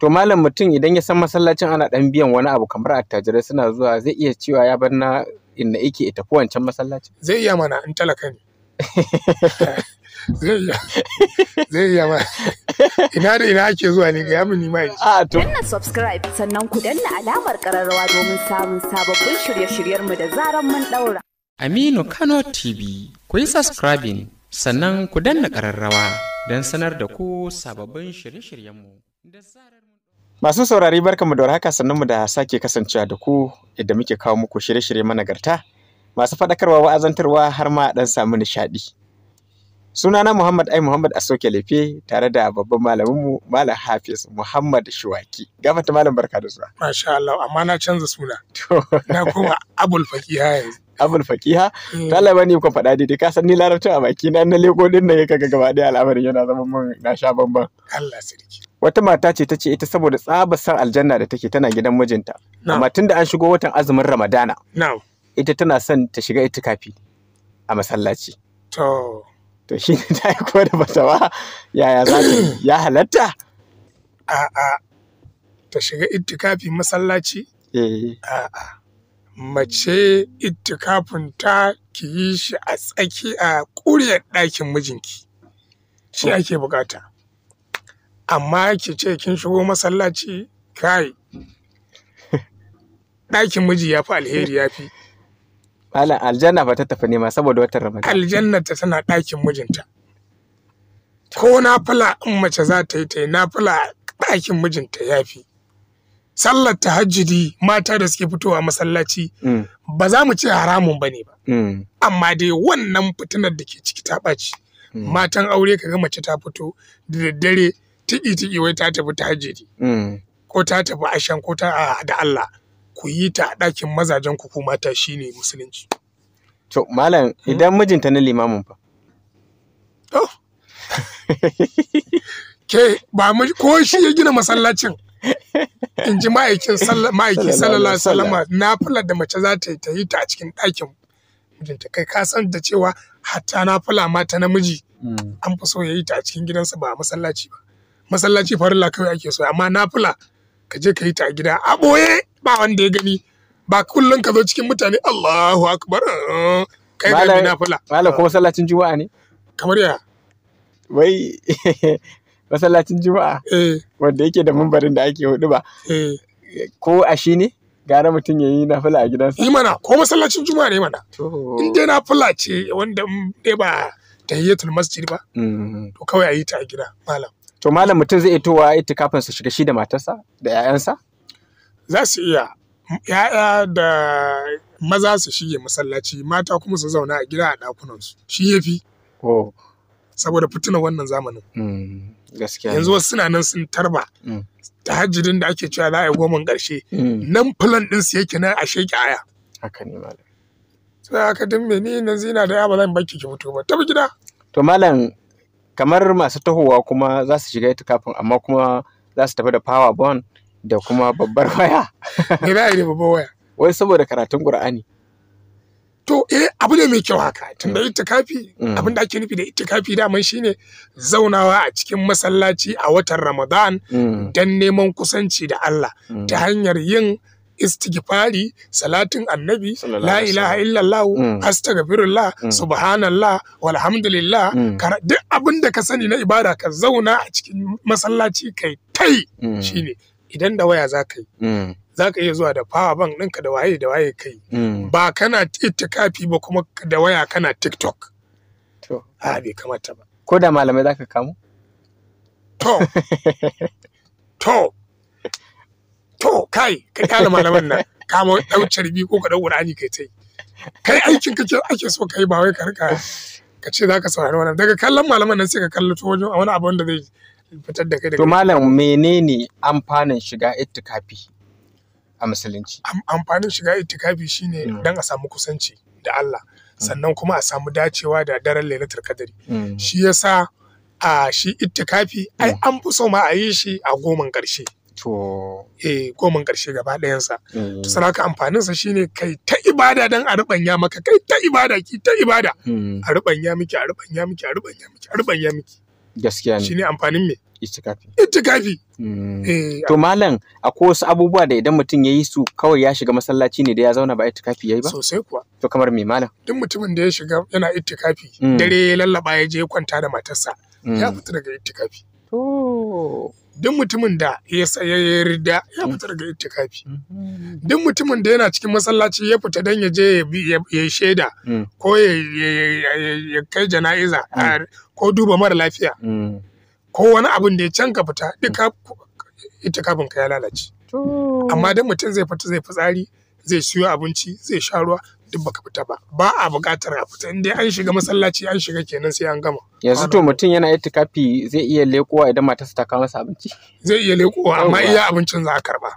to malam mutum idan ya san masallacin ana dan biyan wani abu kamar attajirai suna zuwa zai iya cewa ya bar na inda yake ya tafi wancan masallacin zai iya mana in talaka ne zai iya zai iya ma ina da ina ake zuwa ne ga yamin nima mai. a to danna subscribe sannan ku danna alamar kararrawa domin samun sababbin shirye-shiryen mu da zaran mun daura Aminu Kano TV ku yi subscribing sannan ku danna kararrawa don sanar da ku sababbin shirye-shiryenmu da zaran Masu saurari barkanmu da warhaka sannunmu da sake kasancewa da ku yadda muke kawo muku shirye-shirye managarta masu faɗakarwa wa'azantarwa har ma ɗan samu nishaɗi. Sunana Muhammad Ai Muhammad Asoke Lefe tare da babban malaminmu Malam Hafiz Muhammad Shuwaki. Gafata Malam barka da zuwa. Masha Allah amma na canza suna. Na koma Abul Fakiha yanzu. abul fakiha eh. ta Allah ni kuma faɗa daidai ka san ni larabcin a baki na na leko din nan kaga gaba ɗaya al'amarin yana zama mun na sha bamban Allah sarki wata mata ce ta ce ita saboda tsabar san aljanna da take tana gidan mijinta amma tunda an shigo watan azumin ramadana ita tana son ta shiga itikafi a masallaci to to shi ne ta yi aiko da batawa yaya za ta ya halatta a'a ta shiga itikafi masallaci eh. a'a mace itikafin ta ki yi shi a tsaki a ƙuryar ɗakin mijinki shi ake bukata amma ki ce kin shigo masallaci kai ɗakin miji ya fi alheri ya fi malam aljanna ba ta tafi nema saboda watan ramadan aljanna ta tana ɗakin mijinta ko na fula in mace za ta yi ta yi na fula ɗakin mijinta ya fi sallar tahajjudi mata da suke fitowa masallaci mm. ba za mu ce haramun ba ne ba mm. amma dai wannan fitinar da ke ciki ta ɓaci mm. matan aure kaga mace ta fito da daddare tiki-tiki wai ta tafi tahajjudi mm. ko ta tafi ashan ko ta ah, da Allah ku yi ta a ɗakin mazajen ku ko mata shine musulunci to malam hmm? idan mijinta na limamin fa to ke ba ko shi ya gina masallacin in ji ma'aikin sallallahu alaihi na fula da mace za ta yi ta yi ta a cikin ɗakin mijinta kai ka san da cewa hatta na fula ma ta namiji hmm. an fi so ya yi ta a cikin gidansa ba a masallaci ba masallaci farilla kawai ake so amma nafila ka je ka yi ta a gida a ɓoye ba wanda ya gani ba kullum ka zo cikin mutane Allahu akbar ah, kai ga mai nafila malam ko masallacin juma'a ne kamar ya wai masallacin juma'a eh. wanda yake da mumbarin da ake hudu ba eh. ko a shi ne gara mutum ya yi nafila a gidansa yi mana ko masallacin juma'a ne mana in dai nafila ce wanda dai ba tahiyyatul masjid ba mm. to kawai a yi ta a gida malam To malam mutum zai itowa itikafin su shiga shi da matarsa da 'ya'yansa za su iya ya'ya da maza su shige masallaci mata kuma su zauna a gida a su, shi ya fi saboda fitina wannan zamanin hmm, gaskiya yanzu wasu suna nan sun tarba hmm. ta hajjirin da ake cewa za a yi goma ƙarshe hmm. nan filan ɗin su yake nan a sheƙi aya haka ne malam sai aka dimbe ni nan zina da ya ba zan baki ki mutu ba tabi gida to malam kamar masu tahowa kuma za su shiga ita kafin amma kuma za su tafi da power bond da kuma babbar waya me za a yi da babbar waya wai saboda karatun qur'ani to eh abu ne mai kyau haka tunda mm. kafi. Mm. abin da ake nufi da ita da daman shine zaunawa a cikin masallaci a watan ramadan mm. don neman kusanci da Allah ta hanyar yin istighfari salatin annabi la ilaha illallah mm. astaghfirullah mm. subhanallah walhamdulillah mm. duk abin da ka sani na ibada ka zauna a cikin masallaci kai tai shine idan da waya za ka yi za ka iya zuwa da power bank ɗinka da waye da waye kai ba kana itikafi ba kuma da waya kana tiktok a bai kamata ba ko da malamai za ka kamu to Kai ka kana malaman nan ka ma dau carbi ko ka dau qur'ani kai tai kai aikin kake ake so kai ba wai ka rika ka ce zaka saurari wannan daga kallon malaman nan sai ka kalli to wajen wani abu wanda zai fitar da kai daga to malam menene amfanin shiga ittikafi a musulunci amfanin shiga ittikafi shine hmm. dan a samu kusanci da Allah hmm. sannan kuma a samu dacewa da daren lailatul kadari hmm. shi yasa a shi ittikafi ai an fi so ma a yi shi a goman ƙarshe To. Eh goman ƙarshe gaba ɗayansa. Mm. To sana ka amfaninsa ne kai ta ibada don a ruɓanya maka kai ta ibada ki ta ibada. Mm. A ruɓanya miki a ruɓanya miki a ruɓanya miki a ruɓanya miki. Gaskiya ne. Shi ne amfanin me? Ittikafi. Ittikafi. Mm. Eh, to malam akwai wasu abubuwa da idan mutum ya yi su kawai ya shiga masallaci ne da ya zauna ba ittikafi ya yi ba? Sosai kuwa. To kamar me malam? Duk mutumin da ya shiga yana ittikafi dare ya lallaba ya je kwanta da matarsa ya fita daga ittikafi. To. duk mutumin da ya ya rida ya fita daga itikafi duk mutumin da yana cikin masallaci ya fita dan ya je ya shaida mm. ko ya kai jana'iza mm. ko duba mara lafiya mm. ko wani abin da ya can fita duka itikafin ka ya lalace amma duk mutum zai fita zai fitsari zai siyo abinci zai sha ruwa duk baka fita ba ba a buƙatar a fita in dai an shiga masallaci an shiga kenan sai an gama yanzu to mutum yana itikafi zai iya lekowa idan matarsa ta kawo masa abinci zai iya lekowa amma iya abincin za a karba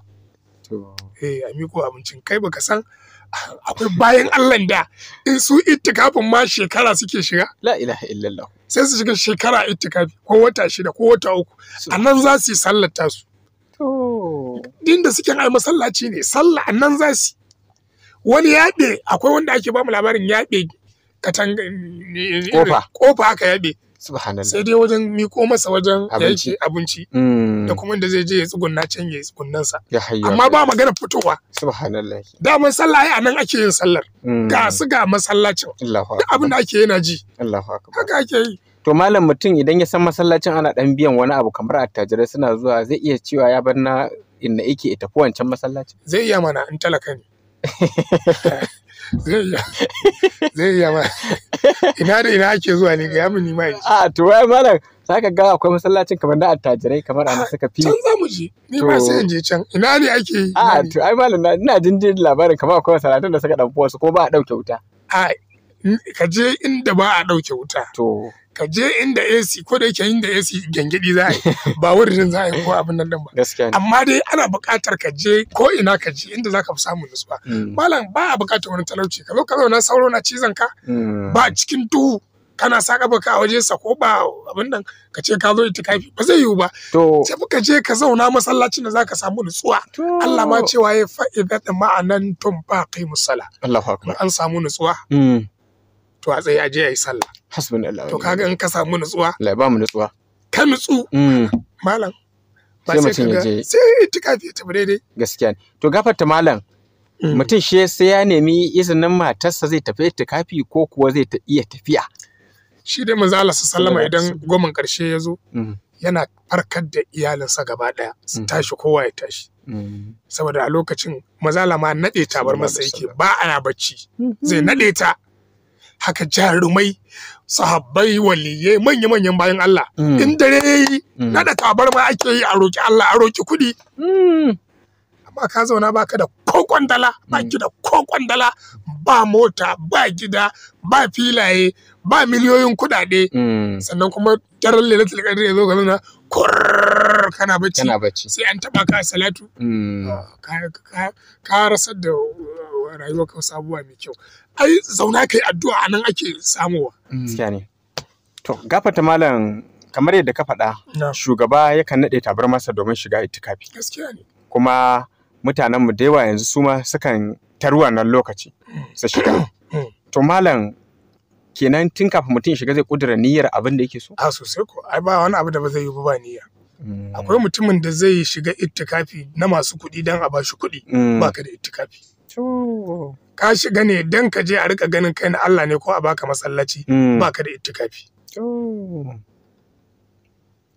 eh a miko abincin kai baka san akwai bayan Allah da in su ittikafin ma shekara suke shiga la ilaha illallah sai su shiga shekara ittikafi ko wata shida ko wata uku a nan za su yi sallar tasu din da suke ai masallaci ne sallah a nan za su wani yaɓe akwai wanda ake bamu labarin yaɓe katanga kofa kofa aka yaɓe sai dai wajen miko masa wajen yake abinci mm. da kuma da zai je ya tsugunna can ya tsugunnan sa amma ba magana fitowa subhanallah daman sallah ai anan ake yin sallar mm. ga su ga masallacin abin da ake yana ji Allahu akbar haka ake yi to malam mutum idan ya san masallacin ana dan biyan wani abu kamar attajirai suna zuwa zai iya cewa ya bar na inda yake ita tafi wancan masallacin zai iya mana in talaka ne zai iya ma ina da ina ake zuwa ne ga mini ma a to wai malam za ka ga akwai masallacin kamar na attajirai kamar ana saka fili can za mu je ni ma sai in je can ina ne ake yi a to ai malam ina jin jin labarin kamar akwai masallacin da suka dauko wasu ko ba a dauke wuta a ka je inda ba a dauke wuta to ka je inda AC ko da yake inda AC gengedi za a yi ba wurin za a yi ko abin nan ba amma dai ana buƙatar ka je ko ina ka je inda zaka ka fi samun nutsuwa mm. malam ba a buƙatar wani talauci ka zo ka zauna sauro na cizon ka mm. ba cikin duhu kana saka baka a waje sa ko ba abin nan ka ce ka zo ita kafi ba zai yiwu ba sai ka je ka zauna masallacin da zaka samu nutsuwa Allah ma cewa ya fa'ida da ma'anan tun ba kai musalla Allahu akbar an samu nutsuwa mm. to a tsaye a je yi sallah hasbun Allah to kaga in ka samu nutsuwa Allah ba mu nutsuwa ka nutsu mm. malam ba sai mutum ya je sai itikafi ta tafi daidai gaskiya to gafar ta malam mm. mutum shi sai ya nemi izinin matarsa zai tafi kafi ko kuwa zai iya tafiya shi dai manzo Allah sallama idan goman karshe ya zo mm. yana farkar da iyalinsa gaba ɗaya. su tashi kowa ya tashi saboda a lokacin mazala ma naɗe ta bar masa yake ba a ya bacci mm-hmm. zai naɗe ta haka jarumai sahabbai waliyai manya-manyan bayan Allah mm. in dare mm. Na da tabarma ake yi a roki Allah a roki kudi mm. amma ka zauna ba ka da kokon dala, ba ki da kokon dala, ba mota ba gida ba filaye ba miliyoyin kuɗaɗe. sannan kuma daren lailatul ya zo ga zauna kurr kana bacci sai an taba ka salatu ah, ka rasar da Rayuwa, wasu abubuwa mai kyau ai zauna kai addu'a a nan ake samuwa mm, gaskiya ne to gafarta malam kamar yadda ka faɗa shugaba yakan naɗe tabarmarsa domin shiga itikafi gaskiya ne kuma mutanen mu da yawa yanzu su ma sukan taruwa nan lokaci su shiga mm. Mm. to malam kenan tun kafin mutum shiga zai kudura niyyar abin da yake so a sosai ko ai ba wani abu da ba zai yi ba niyya akwai mutumin da zai shiga ittikafi na masu kuɗi don a ba shi kuɗi ba ka da ittikafi Ka shiga ne don ka je a rika ganin kai na Allah ne ko a baka masallaci hmm. Ba ka da ittikafi. To.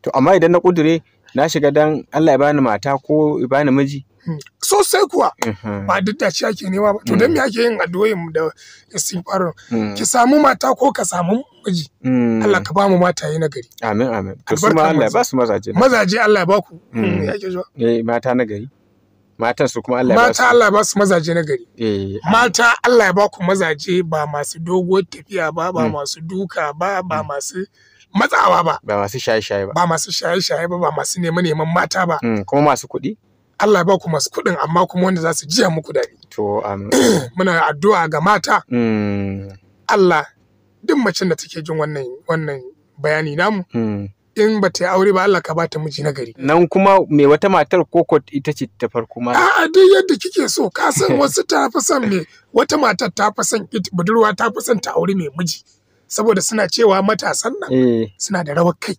To amma idan na kudure na shiga dan Allah ya bani mata ko ya bani miji. Hmm. Sosai kuwa ba duk da shi ake nema ba to don me hmm. ake yin addu'o'in da istighfar ki samu mata ko ka samu miji Allah ka ba mu mata yi nagari amin amin to su ma Allah ya ba su mazaje mazaje Allah ya ba ku ke zuwa eh mata nagari matan su kuma Allah ya ba su mata Allah ya ba su mazaje na gari eh. mata Allah ya ba ku mazaje ba masu doguwar tafiya ba ba hmm. masu duka ba ba hmm. masu matsawa ba ba masu shaye-shaye ba ba masu shaye-shaye ba ba masu neman-neman mata ba hmm, kuma masu kuɗi Allah ya ba ku masu kuɗin amma kuma wanda za su jiya muku daɗi. To um, amin. Muna addu'a ga mata. Allah duk macen da take jin wannan wannan bayani namu. in ba ta yi aure ba Allah ka ba ta miji na gari. Nan kuma me wata matar koko ita ce ta farko ma. A'a duk yadda kike so ka san wasu ta fi son me wata matar ta fi son budurwa ta fi son ta aure mai miji saboda suna cewa matasan nan eh. suna da rawar kai.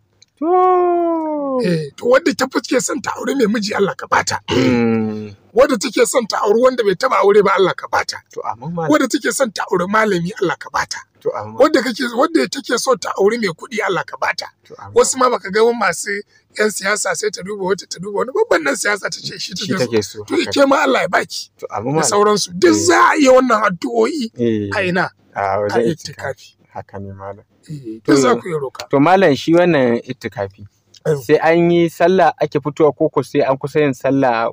Eh, to wadda ta fuske son ta aure mai miji Allah ka bata. Hmm. Wadda take son ta aure wanda bai taba aure ba Allah ka bata. To amma Wanda take son ta aure malami Allah ka bata. To amma wadda kake wanda take so ta aure mai kuɗi Allah ka bata. Wasu ma baka ga masu yan siyasa sai ta duba wata ta duba wani babban nan siyasa ta ce shi take so. To ke ma Allah ya baki. To amma da sauransu duk eh. za a iya wannan addu'o'i eh. a ina. A wajen itikafi. Haka ne malam. Duk za ku yi roka. To malam shi wannan itikafi. sai an yi sallah ake fitowa koko sai an kusa yin sallah uh,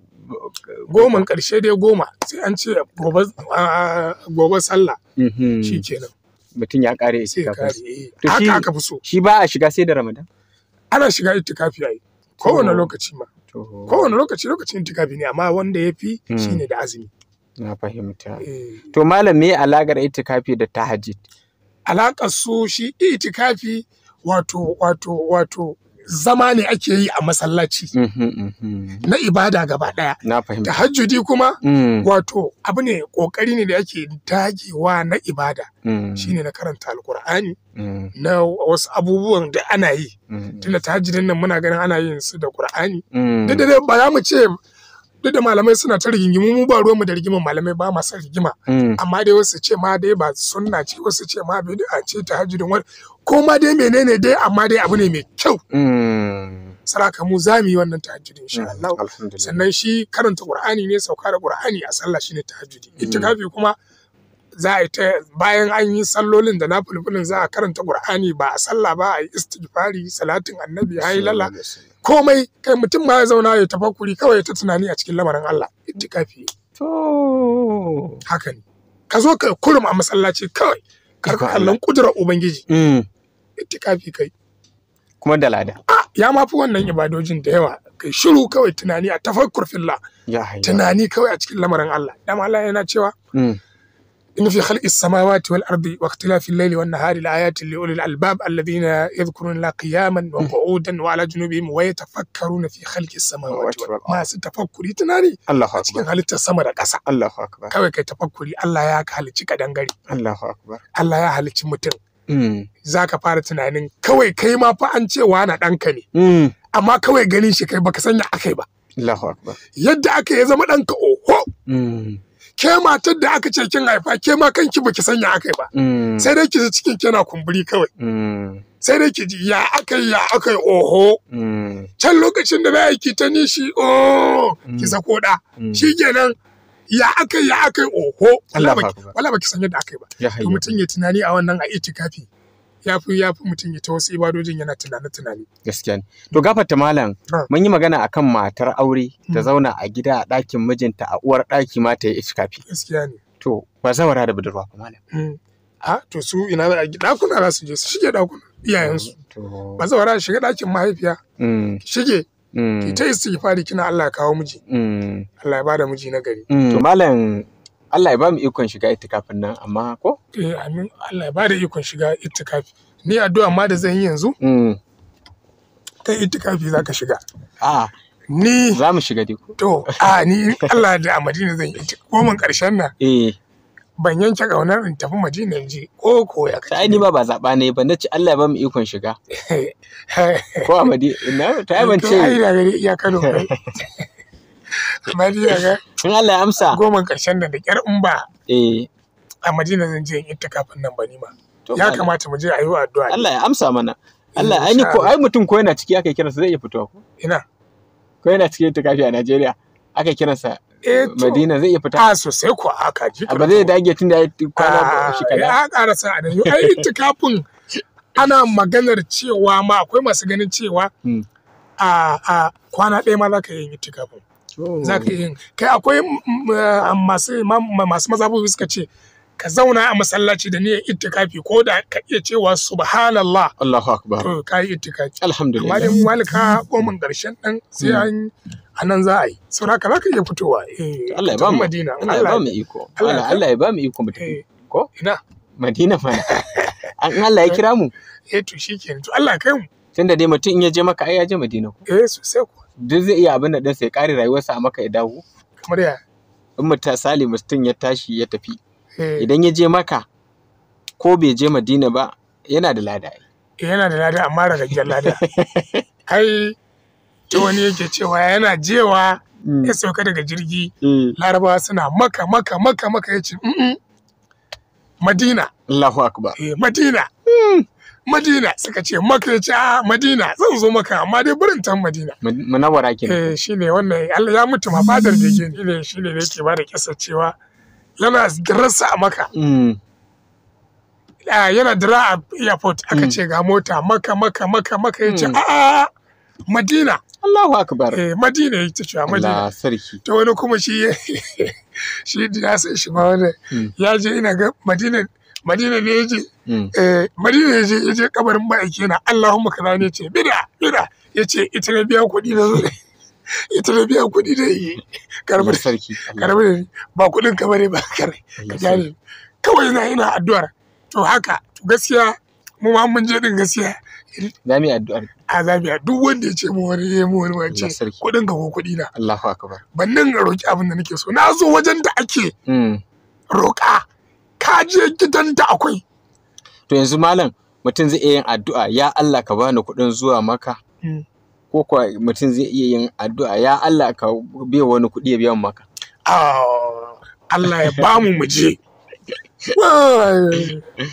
goman karshe dai goma sai an ce gobe uh, sallah mhm. shi kenan mutum ya kare itikafi eh. to shi aka fi so shi ba a shiga sai da ramadan ana shiga itikafi yayi kowane lokaci ma kowane lokaci lokacin itikafi ne amma wanda ya fi hmm. shine da azumi na fahimta eh. to malam me alaƙar itikafi da tahajjud alaƙar su shi itikafi wato wato wato zama ne ake yi a masallaci mhm, mhm. na ibada gaba daya hajjudi kuma mm. wato abu ne kokari ne da ake dagewa na ibada mm. shine na karanta alkur'ani mm. na wasu abubuwan da ana yi tunda na nan muna ganin ana yin su da kur'ani da ba za mu ce duk da malamai suna ta rigingimu mu ba ruwanmu da rigiman malamai ba masu rigima mm. amma dai wasu ce ma dai ba sunna ce wasu ce ma da ce ta hajjudin wani ko ma dai menene dai amma dai abu ne mai kyau mm. saraka mu za mu yi wannan ta tahajjudin insha mm, Allah sannan shi karanta Qur'ani ne sauka da Qur'ani a sallah shine tahajjudi itikafi kuma za a yi ta bayan an yi sallolin da na fulfulin za a karanta qur'ani ba a sallah ba a yi istighfari salatin annabi lalla. komai kai mutum ma ya zauna ya tafakkuri kawai ya ta tunani a cikin lamarin Allah itikafi to haka ne ka zo ka kurum a masallaci kawai ka kallon kudura ubangiji mm. itikafi kai kuma da lada ya ma fi wannan ibadojin da yawa kai shiru kawai tunani a tafakkur fillah tunani kawai a cikin lamarin Allah dama Allah yana cewa mm. إن في خلق السماوات والأرض واختلاف الليل والنهار لآيات لأولي الألباب الذين يذكرون الله قياما وقعودا وعلى جنوبهم ويتفكرون في خلق السماوات والأرض ما تفكري تناني الله أكبر cikin halittar sama da ƙasa Allah kawai kai tafakkuri Allah ya halicci kadangare Allah Allah ya halicci mutum za ka fara tunanin kawai kai ma fa an ce wani ɗanka ne amma kawai ganin shi kai baka sanya akai ba Allahu akbar yadda aka ya zama ɗanka oho ke matar da aka ce kin haifa ke ma kanki baki sanya akai ba mm. sai dai ki ji cikin kina kumburi kawai mm. sai dai ki ji ya akai ya akai oho mm. can lokacin da bai ki ta nishi oh ki sako da shikenan ya akai ya akai oho wala baki sanya da akai ba to mutun ya tunani a wannan a itikafi ya fi ya fi mutum ya ta wasu ibadojin yana tunane-tunane. Gaskiya ne. To ta malam mun yi magana akan matar aure ta hmm. zauna a gida a ɗakin mijinta a uwar ɗaki ma ta yi iskafi. Gaskiya ne. To ba zawara da budurwa ba malam. Hmm. A to su ina za a ɗakuna za su je su shige ɗakuna iyayensu. Hmm, ba zawara a shiga ɗakin mahaifiya. Shige. Ki ta fari, kina Allah kawo miji. Allah ya bada miji na gari. To malam Allah ya ba mu ikon shiga itikafin nan amma ko? Eh amin Allah ya ba da ikon shiga itikafi. Ni addu'a ma da zan yi yanzu? Mm. Kai itikafi za ka shiga. Ah. ni za mu shiga dai ko? To a ni Allah da Madina zan yi goma karshen nan. Eh. Ban yanke ƙaunar in tafi Madina in je ko ko ya kace. Ai ni ba ba zaɓa ne ba nace Allah ya ba mu ikon shiga. Ko a Madina ta ban ce. Ai da gari iya Kano. amma dai ga in Allah ya amsa goman ƙarshen da da ƙyar in ba eh a Madina zan je in yi kafin nan ba ni ma ya kamata mu je a yi addu'a Allah ya amsa mana Allah ai ni ko ai mutum ko yana ciki aka kiransa zai iya fitowa ko ina ko yana ciki ta kafi a Najeriya aka kiransa eh, eh, Madina zai iya fita. A sosai ko a kaji. Ba zai dage tun da ya kwana shi kada. Ya ƙara sa a nan. Ai itikafin ana maganar cewa ma akwai masu ganin cewa hmm. a kwana ɗaya ma za ka yi itikafin. Oh. za ka yi kai akwai mm, mm, masu mazabobi suka ce ka zauna a masallaci da niyyar ittikafi ko da ka iya cewa subhanallah Allahu akbar to kai ittikafi alhamdulillah amma dan malika gomin karshen dan sai an anan za a yi saboda za ka iya fitowa eh Allah ya ba mu Madina Allah ya ba mu iko Allah ya ba mu iko mu tafi eh. ko ina Madina mana an Allah ya kira mu eh to shikenan to Allah kai mu tunda dai mutum in ya je maka ai ya je Madina ko eh sosai ko duk zai iya abin da ɗinsa ya ƙare rayuwarsa a maka ya dawo kamar ya in mutum sali mutum ya tashi ya tafi eh. idan ya je maka ko bai je madina ba yana da lada eh, yana da lada amma ragaggiyar lada ai ta wani yake cewa yana jewa mm. ya sauka daga jirgi mm. larabawa suna maka maka maka maka ya ce madina allahu akbar eh, madina mm. Madina suka ce maka ya ce a ah, Madina zan zo maka amma dai burin tan Madina. Munawwara ke. Eh shi ne wannan Allah ya mutu ma fadar da ke ne shi ne da yake bada kisa cewa yana rasa a maka. Mm. Ah, yana dira a airport aka mm. ce ga mota maka maka maka maka ya ce mm. a ah, Madina. Allahu akbar. Eh Madina ya ce cewa Madina. Allah sarki. To wani kuma shi shi ya san shi ma wani ya je ina ga Madina Madina ne ya je. Mm. Eh, Madina ya je je kabarin ma'aiki na Allahumma kaza ne ce bida bida ya ce ita na biya kuɗi da zuwa ita na biya kuɗi da yi karbi sarki karbi ba kuɗin ka bane ba kare ka gane kawai na ina addu'ar to haka to gaskiya mu ma mun je din gaskiya za addu'ar a za mu duk wanda ya ce mu wani ya eh, mu wani wance kuɗin ka ko kuɗi na Allahu akbar ban nan ga roki abin da nake so na zo wajen da ake mm. roƙa ka je gidan da akwai to yanzu malam mutum zai iya yin addu'a ya Allah ka bani kuɗin zuwa maka hmm. ko kuwa mutum zai iya yin addu'a ya Allah ka biya wani kuɗi ya biya maka ah, Allah ya bamu mu je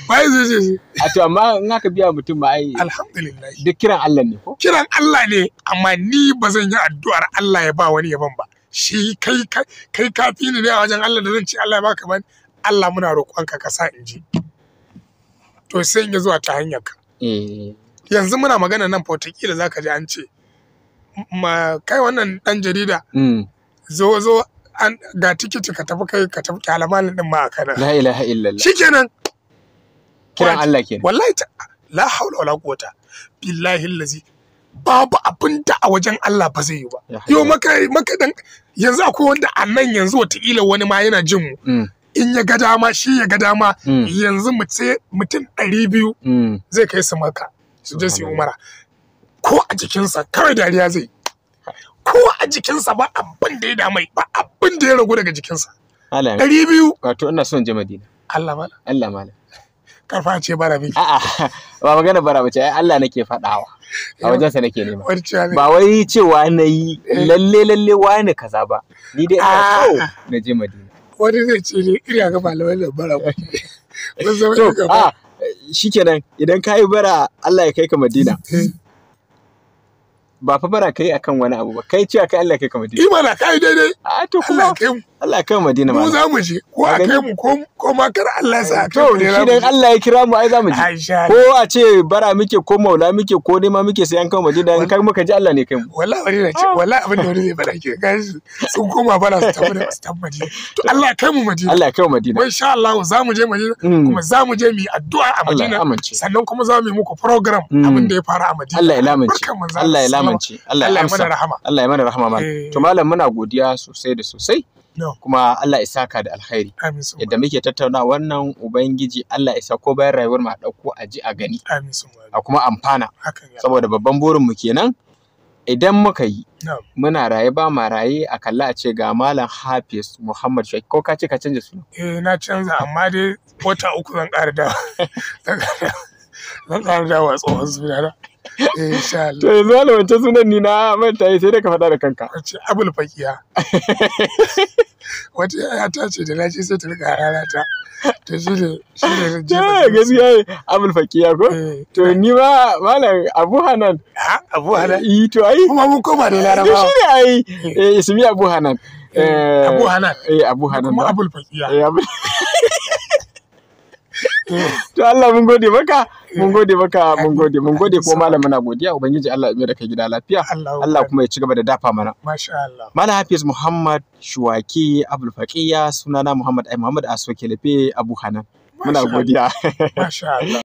Bai zai zai A to amma in aka biya mutum ba ai. Alhamdulillah. Duk kiran Allah ne ko? Kiran Allah ne amma ni ba zan yi addu'ar Allah ya ba wani yaban ba. Shi kai kai kafi ne a wajen Allah da zan ce Allah ya baka ban Allah muna roƙonka ka sa in ji. to sai in zuwa ta hanyar ka mm. yanzu muna magana nan fatakila za ka ji an ce ma kai wannan dan jarida mm. zo zo an ga tikiti ka tafi kai ka tafi kalamalin din ma a kana la ilaha illallah nan. kiran Allah kenan wallahi la haula wala quwata billahi allazi babu abin da a wajen Allah ba zai yi ba. Yau maka maka dan yanzu akwai wanda a nan yanzu wataƙila wani ma yana jin mu. Mm. in ya ga dama shi ya ga dama hmm. yanzu mutum ɗari biyu hmm. zai kai su maka su je su yi umara ko a jikinsa kawai dariya zai ko a jikinsa ba abin da ya damai ba abin da ya ragu daga jikinsa ɗari biyu wato ina son je madina Allah mala Allah mala karfa ce bara bi a'a ba magana bara bace ai Allah nake faɗawa a wajen sa nake nema ba wai cewa nayi. Eh. lalle lalle wani kaza ba ni dai ina so na je madina wani zai ce ne irya ga malamai da bara kuke mun zama to a shikenan idan ka yi bara Allah ya kai ka Madina ba fa bara kai akan wani abu ba kai ce kai Allah ya kai ka Madina imana yi daidai a to kuma Allah kai Madina ma. Mu za mu je ko a kai mu ko ma kar Allah sa kai mu. To shi dan Allah ya kira mu ai za mu je. Ko a ce bara muke ko maula muke ko nema muke sai an kai Madina in kai muka ji Allah ne kai mu. Wallahi Madina ce wallahi abin da wani zai fada ke ga sun koma bara su tafi da su tafi Madina. To Allah kai mu Madina. Allah kai mu Madina. Insha Allah za mu je Madina kuma za mu je mu yi addu'a a Madina. Sannan kuma za mu yi muku program abin da ya fara a Madina. Allah ya lamunce. Allah ya lamunce. Allah ya mana rahama. Allah ya mana rahama ma. To malam muna godiya sosai da sosai. kuma Allah ya saka da alkhairi yadda muke tattauna wannan ubangiji Allah ya sa ko bayan rayuwar mu a dauko a ji a gani a kuma amfana saboda babban burin mu kenan idan muka yi muna raye ba ma raye a kalla a ce ga malam hafiz muhammad shek ko ka ce ka canza suna eh na canza amma dai wata uku zan ƙara da zan ƙara da wasu, wasu insha to yanzu wala wancan sunan ni na manta sai dai ka faɗa da kanka abul fakiya wata yaya ta ce da naci sai ta riga rana ta to shi ne shi ne da jefa gaskiya ne abul fakiya ko eh, to eh. ni ma malam abu hanan abu hanan yi eh, to ai kuma mun koma da larabawa shi ne ai ismi abu hanan abu hanan eh abu hanan kuma abul fakiya eh to Allah mun gode maka mun gode maka mun gode mun gode ko malam muna godiya ubangiji Allah ya da kai gida lafiya Allah kuma ya ci gaba da dafa mana masha Allah malam Hafiz Muhammad Shuwaki Abdul Faqiya sunana Muhammad Ai Muhammad Aso Kelefe Abu Hanan muna godiya masha Allah